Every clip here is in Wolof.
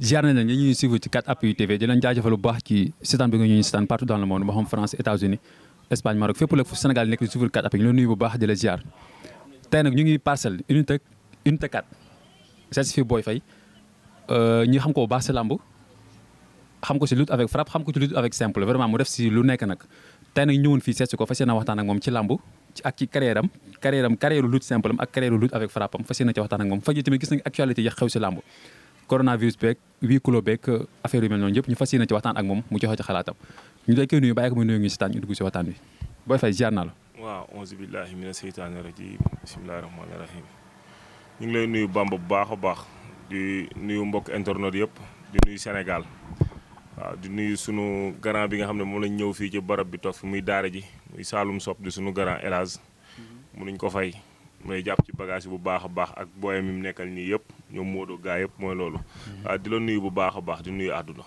ziar nañ leen ñuy suivre ci 4appuis TV di leen jaajëfal bu baax ci seetaan bi nga ñuy seetaan partout dans le monde moo France États-Unis Espagne Maroc fépp la Sénégal nekk di suivre 4appuis ñu la nuyu bu baax di la ziar tey nag ñu ngi parcelle unité unité 4 certifié Boy Faye euh, ñu xam booy fay baax si làmb xam ko si lutte avec frappe xam ko si lu nekk nag tey nag ñëwoon fii seet si ko fas yéene waxtaan ak moom ci làmb ak ci carrière am carrière am carrière lutte coronavirus beeg huis clos beeg euh, affaire yu mel noonu yëpp ñu fas yéene ci waxtaan ak moom mu joxe ci xalaatam ñu lay koy nuyu bàyyi ko mu nuyu ñu si waaw auzu billaahi mina seytaani rajiim bismillaahi rahmaani rahiim ñu ngi lay nuyu Bamba bu baax a baax di nuyu mbokk internet yëpp di nuyu Sénégal waaw di nuyu sunu grand bi nga xam ne moom lañ ñëw fii ci barab bi toog fi muy daara ji muy Saalum Sopp di sunu grand El Hadj mënuñ ko fay. may jàpp ci bagage yi bu baax a baax ak booyam yi mu nekkal nii yëpp ñoom Modou gaa yëpp mooy loolu. Mhm. Ah, di la nuyu bu baax a baax di nuyu àdduna.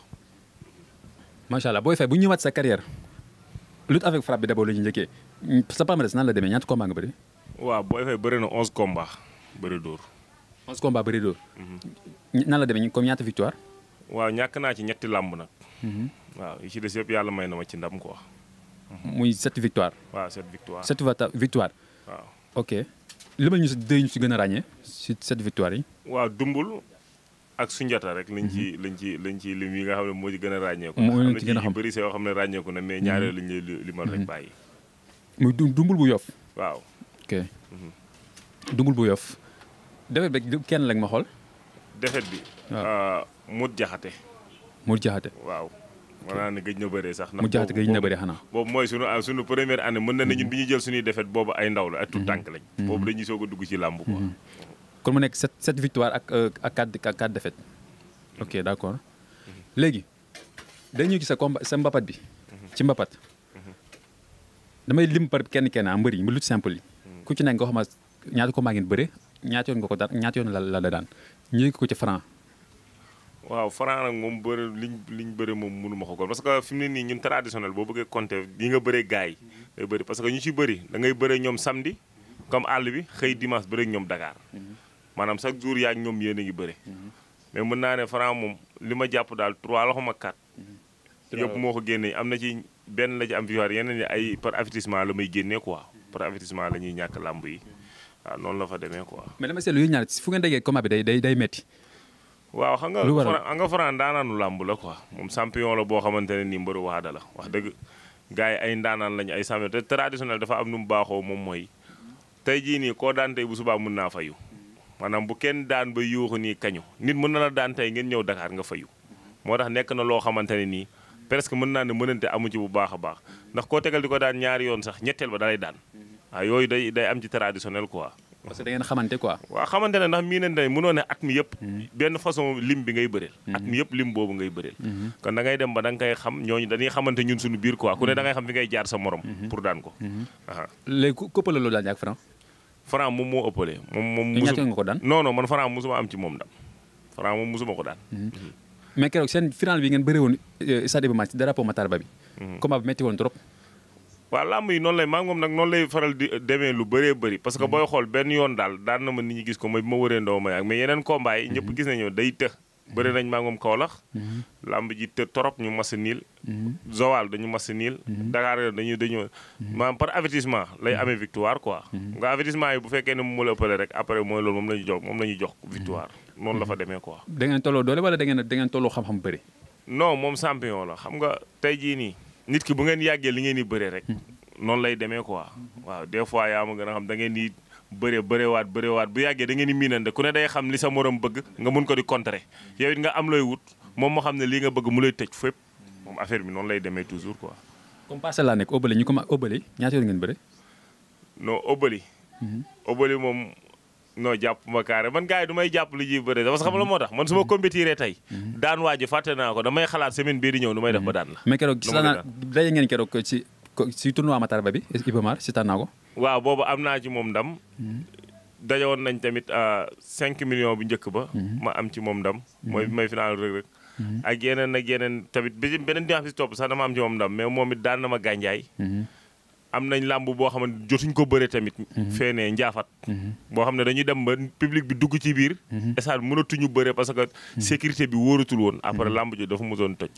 macha allah booy fay bu ñu ñëwaat sa carrière lutte avec frappe bi d'abord la ñu njëkkee sa palmarès nan la demee ñaata combat nga bëri. waaw booy fay bëri na 11 combats bëri dóor. 11 combats bëri dóor. Mhm. nan la demee comme ñaata victoire. waaw ñàkk naa ci ñetti làmb nag. Mhm. waaw yi ci des yëpp yàlla may na ma ci ndam quoi. muy sept victoire. waaw sept victoire li ma ñu si dëy ñu si gën a ràññee si cette victoire yi. waaw dumbul ak Sunjata rek. lañ ci mhm. lañ ci lañ ci lim yi nga xam ne moo ci gën a ràññeeku. moo leen a xam am na xam ne ràññeeku na mais ñaareel lañ lay limal rek mhm. bàyyi. muy du dumbul bu yof. waaw mhm. dumbul bu yof. defet bi kenn lañ ma xool. defet bi. waaw euh, Modou Diakhaté. Modou Diakhaté waaw. mën naa ne gëj na bëree sax mu jaata gëj na bëree xanaa boobu mooy sunu ah, sunu première année mën na ne bi ñuy jël suñuy defet boobu ay ndaw la ak tout tànk lañ mhm. boobu dañuy soog a dugg ci làmb quoi mhm. kon mu nekk sept sept victoire ak euh, ak quatre mhm. ok d' léegi dañuy gis sa combat sa mbapat bi ci mbapat damay lim par kenn kenn ah, mbër yi lu simple yi ku ci nekk nga xam ñaata ko maa ngeen bëre ñaata yoon nga ko daan ñaata yoon la la daan ñu ko ci franc waaw Franc nag moom bëri liñ liñ bëri moom mënu ma ko kon parce que fi mu ne nii ñun traditionnel boo bëggee compter yi nga bëree gaa yi day bëri parce que ñu ci bëri dangay ngay bëree ñoom samedi comme àll bi xëy dimanche bëri ñoom dakaar maanaam chaque jour yaa ñoom yéen a ngi bëri mais mën naa ne Franc moom li ma jàpp daal trois la xama quatre yëpp moo ko génnee am na ci benn la ci am victoire yeneen ni ay par avertissement la may génnee quoi par avertissement la ñuy ñàkk làmb yi waaw noonu la demee quoi mais dama seetlu yu day day day waaw xam nga nga Franc ndaanaanu làmb la quoi moom champion la boo xamante ne nii mbëru waada la wax dëgg gars yi ay ndaanaan lañu ay champion te traditionnel dafa am nu mu baaxoo moom mooy tey jii nii koo daan tey bu subaa mën naa fayu maanaam bu kenn daan ba yuuxu nii kañu nit mën na la daan tey ngeen ñëw Dakar nga fayu moo tax nekk na loo xamante ne nii presque mën naa ne mënante amu ci bu baax a baax ndax koo tegal di ko daan ñaari yoon sax ñetteel ba dalay daan waaw ah, yooyu day day am ci traditionnel quoi parce que da ngeen xamante quoi. waaw xamante ne ndax mii ne day mënoo at mi yëpp. Hmm. benn façon lim bi ngay bëreel. Hmm. at mi yëpp lim boobu ngay bëreel. Hmm. kon da ngay dem ba da nga xam ñooñu dañuy xamante ñun suñu biir quoi ku ne da ngay xam fi ngay jaar sa morom. ko. léegi ku ëppale loolu daal moom moo ëppale. moom moom ñàkk nga ko daan non non man Franc musuma am ci moom dam Franc moom musuma ko daan. mais keroog seen final bi ngeen bëree woon euh, stade Iba Mar Diop ci drapeau Ba bi. combat bi metti woon trop waaw làmb yi noonu lay maa moom nag noonu lay faral di eh, demee lu bëree bëri parce que mm-hmm. booy xool benn yoon daal daan na ma nit ñi gis ko mooy bi ma wëree ndaw ma yàgg mais yeneen combat yi ñëpp mm-hmm. gis nañu day të moom Kaolack mm-hmm. ji të torop ñu mas niil Joal dañu mas a niil Dakar dañu dañu maanaam par avertissement lay amee victoire quoi nga avertissement yi bu fekkee ne mu la après mooy loolu moom la ñu jox moom la ñuy jox victoire noonu la fa demee ko da ngeen tolloo doole wala da ngeen da ngeen tolloo xam-xam bëri non moom champion la xam nga tey jii nii nit ki bu ngeen yàggee li ngeen di bëree rek. Hmm. noonu lay demee quoi. waaw des fois yaa ma gën a xam da ngeen di bëree bëreewaat bëreewaat bu yàggee da ngeen di miinante ku ne day xam li sa morom bëgg nga mun ko di contrer yow it nga am lay wut moom moo xam ne lii nga bëgg mu lay tëj fépp moom affaire bi noonu lay demee toujours quoi. comme passé laa nekk Obali ñu ko ma Obali ñaata yoon ngeen bëre. non Obali. Hmm. Obali moom. non jàpp ma carré man gaa yi du may jàpp lu ji bëri parce que xam la moo tax man su ma tey mhm. daan waa ji fàtte naa ko damay xalaat semaine bii di ñëw du may def ba daan la mais bi Iba Mar waaw boobu am naa ci moom ndam mhm. dajowoon nañ tamit 5 euh, millions bu njëkk ba mhm. ma am ci moom ndam mooy bi may final rek rek ak yeneen ak yeneen tamit bi beneen dimanche bi si topp sax dama am ci moom ndam mais moom it daan na ma gànjaay am nañ làmb boo xam ne jotuñ ko bëre tamit. Mhm. fee ne njaafat. Mhm. boo xam ne dañuy dem ba public bi dugg ci biir. Mhm. stade mënatuñu bëre parce que. sécurité bi wóoratul woon. après làmb ji dafa mosoon toj.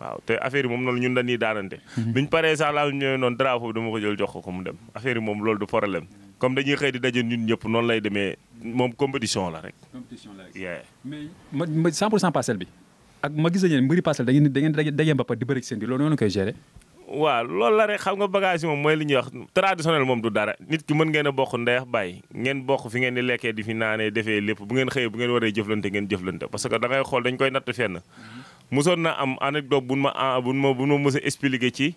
waaw te affaire moom noonu ñun dañuy daanante. biñ paree sax laa ñëwee noonu drapeau bi dama ko jël jox ko mu dem moom loolu du problème comme dañuy xëy di daje ñun ñëpp noonu lay demee moom compétition la rek. compétition la rek. mais ma 100 pour cent parcelle bi. ak ma gis ne mbiri parcelle daje mbappat di bëri seen bi loolu noonu koy gérer. waaw loolu la rek xam nga bagage moom mooy li ñuy wax traditionnel moom du dara nit ki mën ngeen a bokk ndeex bàyyi ngeen bokk fi ngeen di lekkee di fi naanee defee lépp bu ngeen xëyee bu ngeen waree jëflante ngeen jëflante parce que da ngay xool dañ koy natt fenn mosoon mhm. na am anecdote buñ ma ah, buñ ma buñ ma mos a ci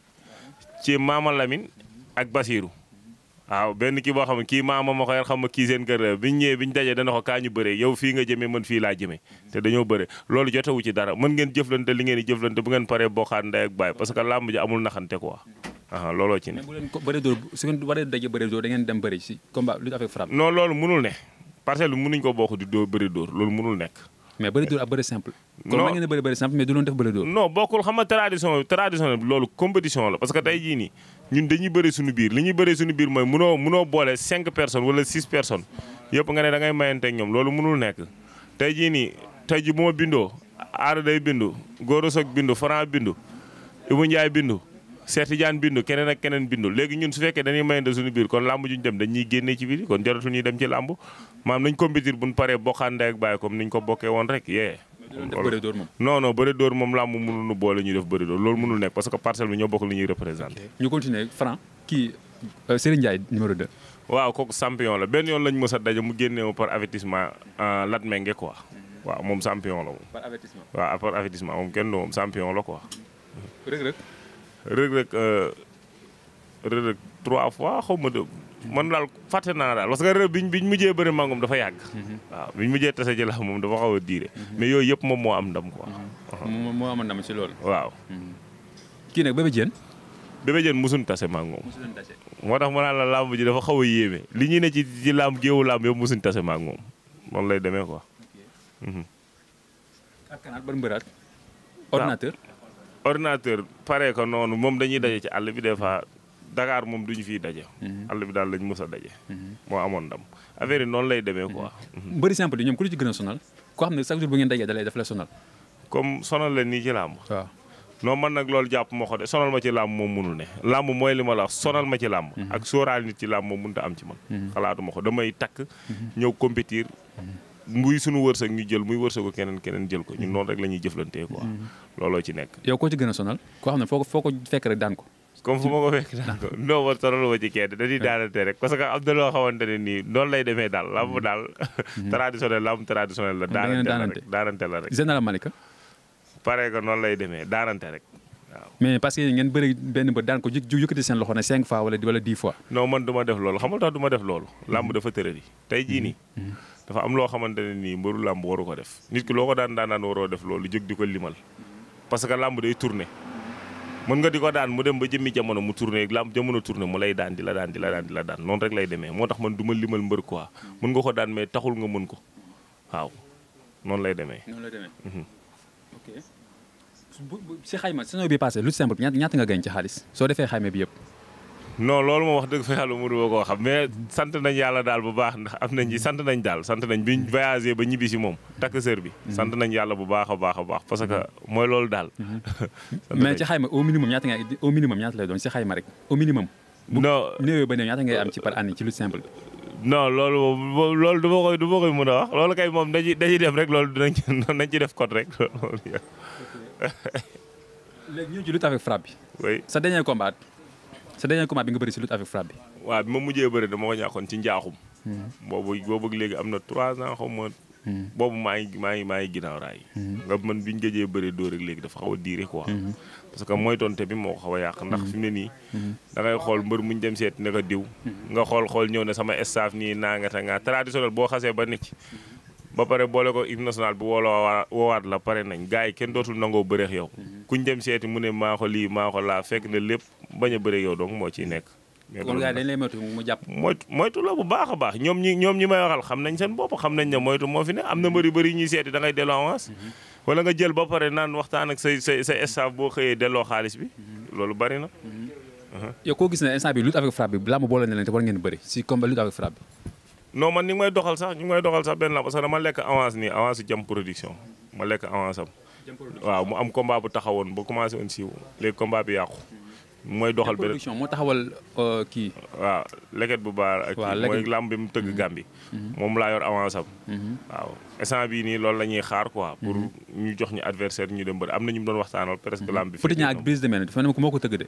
ci Maama Lamine ak Basirou waaw benn kii boo xam ne kii maama a ko yar xam ma kii seen kër biñ ñëwee biñ dajee dana ko kaa ñu bëree yow fii nga jëmee man fii laa jëmee te dañoo bëre loolu jotewu ci dara mën ngeen jëflante li ngeen di jëflante bu ngeen paree bokkaat ndey ak baay parce que làmb ji amul naxante quoi ah looloo ci ne bu leen ko bëree dóor su dem bëri si combat lu avec frappe non loolu ko bokk di dóor bëri dóor loolu mënul nekk mais bëri dóor ak bëri kon na ngeen a bëri bëri simple mais du loon loolu compétition parce que tey jii nii ñun dañuy bëri suñu biir li ñuy bëri suñu biir mooy munoo munoo boole cinq personnes wala six personnes yëpp nga ne da ngay mayante ak ñoom loolu mënul nekk. tey jii nii tey jii bu ma bindoo aada bindoo bindu góor soog bindu Franc bindu Ibou Ndiaye bindu Cheikh Tidiane bindu keneen ak keneen bindu léegi ñun su fekkee dañuy mayante suñu biir kon làmb juñ dem dañuy génnee ci biir kon jaratu ñuy dem ci làmb maam nañ compétir buñ paree bokkaan ak bàyyi comme niñ ko bokkee woon rek yee non non bëri dóor moom làmb mënul nu boole ñu def bëri dóor loolu mënul nekk parce que parcelle bi ñoo bokk li ñuy représenté ñu continuer Franc euh, waaw kooku champion la benn yoon lañ mës a daje mu génnee ma par avertissement euh, lat menge quoi waaw moom champion la moom waaw par avertissement moom kenn du moom champion la quoi rëg rëg-rëg euh, trois fois xaw ma de man daal fàtte naa daal parce que bi biñ biñ mujjee bëri màngoom dafa yàgg. Mhm. waaw biñ mujjee tase ji la moom dafa xaw a diire. Mhm. mais yooyu yëpp moom moo am ndam quoi. Mhm. Uh-huh. moo am ndam ci loolu. waaw. kii nag Bébé Diène. Bébé Diène musuñu tase màngoom. musuñu tase moo tax ma naa la làmb ji dafa xaw a yéeme li ñuy ne ci ci làmb géewu laam yëpp musuñu tase màngoom noonu lay demee ko ordinateur pare ko noonu moom dañuy daje ci àll bi des fois Dakar moom duñu fiy daje. Mhm. àll bi daal lañ mës a daje. Mhm. moo amoon dam affaire noonu lay demee quoi. Mhm. mbëri simple yi ñoom ku lu ci gën a sonal koo xam ne chaque jour bu ngeen dajee dalay daf la sonal. comme sonal la nii ci làmb. waaw non man nag loolu jàpp ma ko de sonal ma ci làmb moom munul ne làmb mooy li ma la wax sonal ma ci làmb. ak sóoraal nit ci làmb moom mënut am ci man. xalaatu ma ko damay takk ñëw compétir. muy sunu wërsëg ñu jël muy wërsëgu keneen keneen jël ko ñun mhm. noonu rek la ñuy jëflantee quoi. Mhm. looloo ci nekk. yow koo ci gën a sonal koo xam ne foo ko foo ko fekk rek daan ko. comme fu ma ko fekk daan ko non man sonal ma ci kenn dañuy daanante rek parce lay demee daal lamb mhm. daal. traditionnel lamb traditionnel la. daanante la daanante la rek. général Malika. pare que noonu lay demee daanante rek. waaw mais parce que ngeen bëri benn ba daan ko ju yëkkati seen loxo ne cinq fois wala wala dix fois. non man du ma def loolu xam nga tax du def loolu. làmb dafa tërëri tey jii nii. dafa am loo xamante ne nii mbëru làmb waru ko def nit ki loo ko daan daan daan waroo def loolu jóg di ko limal parce que làmb day tourné mën nga di ko daan mu dem ba jëmmi jamono mu tourné làmb jamono tourné mu lay daan di la daan di la daan di la daan noonu rek lay demee moo tax man duma ma limal mbër quoi mën nga ko daan mais taxul nga mën ko waaw noonu lay demee. noonu lay demee. Mhm. ok si xayma saison bi passé lu simple ñaata ñaata nga gañ ci xaalis soo defee xayma bi yëpp. non loolu moom wax dëgg fa yàlla mënu ma ko xam mais sant nañ yàlla daal bu baax ndax am nañ ci sant nañ daal sant nañ biñ voyagé ba ñibbi si moom takk sër bi mhm. sant nañ yàlla bu baax a baax a baax parce que mhm. mooy loolu daal mhm. mais ci xayma au minimum ñaata nga au minimum ñaata lay doon si xayma rek au minimum non néewee ba néew ñaata ngay am ci par euh, année ci lu simple euh, non loolu moom loolu du ma koy du mën a wax loolu kay moom dañuy dañuy def rek loolu dinañ nañ ci def code rek léegi ñu ci lu tax frappe bi sa dernier combat sa dernier combat bi nga bëri si lutte avec frappe bi. waaw bi ma mujjee bëri dama ko ñàkkoon ci njaaxum. Hmm. boobu boobu léegi am na trois ans xaw ma. Hmm. boobu maa ngi maa ngi maa ngi ginnaaw raay. Hmm. nga man bi ñu gëjee bëree dóor ak léegi dafa xaw a diire quoi. parce que moytonte bi moo ko xaw a yàq. ndax fi mu ne nii. dangay xool mbër mu ñu dem seet ne ko diw. nga xool xool ñëw ne sama staff nii naa nga te nga traditionnel boo xasee ba nit. ba pare boole ko équipe nationale bu wooloo woowaat la pare nañ gars yi kenn dootul nangoo bëreex yow. Mhm. kuñ dem seeti mu ne maa ko lii maa laa fekk na lépp bañ a bëreex yow donc moo ciy nekk. kon gars dañ lay moytu mu jàpp. moytu moytu la bu baax a baax ñoom ñi ñoom ñi may waxal xam nañ seen bopp xam nañ ne moytu moo fi ne am na mbëri bëri ñuy seeti da delloo avance. Mhm. wala nga jël ba pare naan waxtaan ak say say say staff boo xëyee delloo xaalis bi. Mhm. loolu bari na. Uh-huh. yow koo gis ne instant bi lutte avec frappe bi laa ma boole bi non man ni ngi may doxal sax ñu ngi may doxal sax benn la parce que dama lekk avance nii avance jam production ma lekk avance am. waaw mu am combat bu taxawoon ba commencé woon siiw léegi combat bi yàqu. mooy doxal beneen production moo taxawal euh, kii. waaw bu baar ak kii mooy làmb mu tëgg mhm. Gàmbi. Mhm. moom laa yor avance am. Mhm. waaw instant bii nii loolu la xaar quoi. pour ñu jox ñu adversaire ñu dem bëri am na ñu doon waxtaanal presque làmb bi. Petit Niang ak Brise de Mer dafa ne ma ko moo ko tëgg de.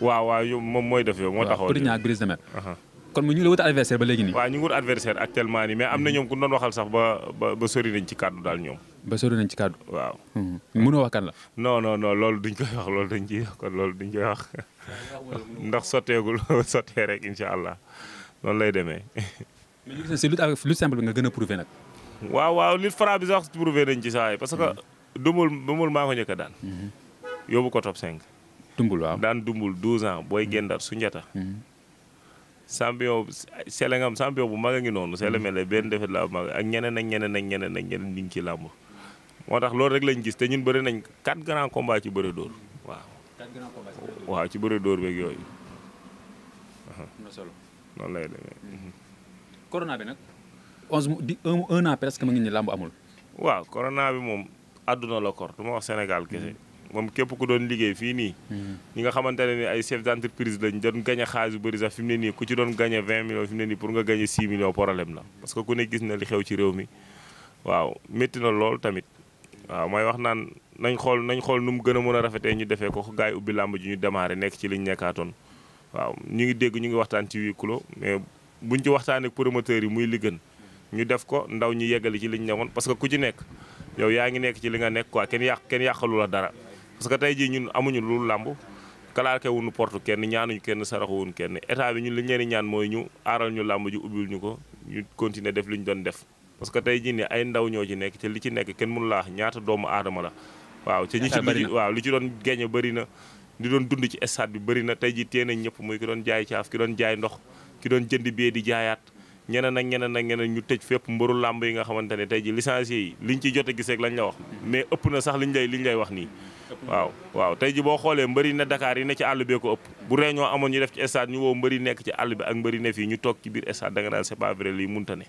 waaw waaw yow moom mooy def yow moo taxawal Petit Niang ak Brise de Mer. Uh-huh. kon ñu ngi la wut adversaire ba léegi nii. waaw ñu ngi adversaire actuellement nii mais am na ñoom ku doon waxal sax ba ba ba sori nañ ci kàddu daal ñoom. ba sori nañ ci kàddu. waaw. Mm-hmm. mënoo wax kan la. non non non loolu duñ koy wax loolu dañ ciy kon loolu duñ koy wax ndax sotteegul sottee rek incha allah noonu lay demee. mais ñu gis si bi nga gën a prouvé nag. waaw waaw lutte fra bi sax prouvé nañ ci saa parce que. Mm-hmm. dumbul dumbul maa ko njëkk a daan. Mm-hmm. yóbbu ko dumbul waaw daan dumbul 12 ans booy gendat su njata champion Sélé nga am champion bu mag a ngi noonu. Sélé Mélé benn defet la mag ak ñeneen ak ñeneen ak ñeneen ak ñeneen ñu ngi ci làmb. moo tax loolu rek lañ gis te ñun bëri nañ quatre grands combats ci bëri dóor waaw. quatre waaw ci bëri dóor beeg yooyu. am na solo noonu mhm. bi nag onze di un an presque ma ngi ni làmb amul. waaw corona bi moom àdduna la kor du ma wax senegal kese. moom képp ku doon liggéey fii nii. Hmm. ñi nga xamante ne ni ay chef d' entreprise lañ doon gagné xaalis bu bëri sax fi mu ne nii ku ci doon gagné 20 millions fi mu ne nii pour nga gagné 6 millions problème la parce que ku ne gis na li xew ci réew mi waaw métti na lool tamit waaw mooy wax naan nañ xool nañ xool nu mu gën a mën a rafetee ñu defee ko gars yi ubbi làmb ji ñu démarré nekk ci ñu nekkaatoon waaw ñu ngi dégg ñu ngi waxtaan ci huis clos mais buñ ci waxtaanee ak promoteurs yi muy li gën ñu def ko ndaw ñu yeggali ci liñ newoon parce que ku ci nekk yow yaa ngi nekk ci li nga nekk quoi kenn yàq kenn yàqalu la dara parce que tey jii ñun amuñu lu làmb kalaake wuñu porte kenn ñaanuñu kenn saraxuwuñu kenn état bi ñun li ñu leen ñaan mooy ñu aral ñu làmb ji ubbil ñu ko ñu continuer def li ñu doon def parce que tey jii ni ay ndaw ñoo ci nekk te li ci nekk kenn mënu laa ñaata doomu aadama la waaw te ñi ci waaw li ci doon geñe bëri na di doon dund ci stade bi bëri na tey jii tee nañ ñëpp muy ki doon jaay caaf ki doon jaay ndox ki doon jënd bee di jaayaat ñeneen a ñeneen ak ñeneen ñu tëj fépp mbëru làmb yi nga xamante ne tey ji licencié yi liñ ci jot gisee lañ la wax mais ëpp na sax liñ lay liñ lay wax nii waaw waaw te ji boo xoolee mbëri na dakaar yi ne ci àll bee ko ëpp bu réunion amoon ñu def ci stade ñu woo mbëri nekk ci àll bi ak mbëri ne fii ñu toog ci biir stade da nga naan c'est pas vrai lii munta ne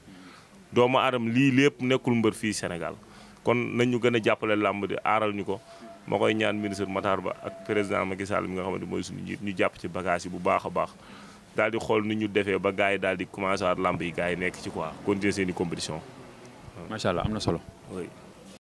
doomu aadama lii lépp nekkul mbër fii Sénégal kon nañu gën a jàppale làmb di aaral ñu ko ma koy ñaan ministre Matar Ba ak président ma Sall mi nga xamante mooy suñu njiit ñu jàpp ci bagage yi bu baax a baax daal di xool ni ñu defee ba gars yi daal di commencé waat làmb yi gars yi nekk ci quoi continuer seen i macha allah am na solo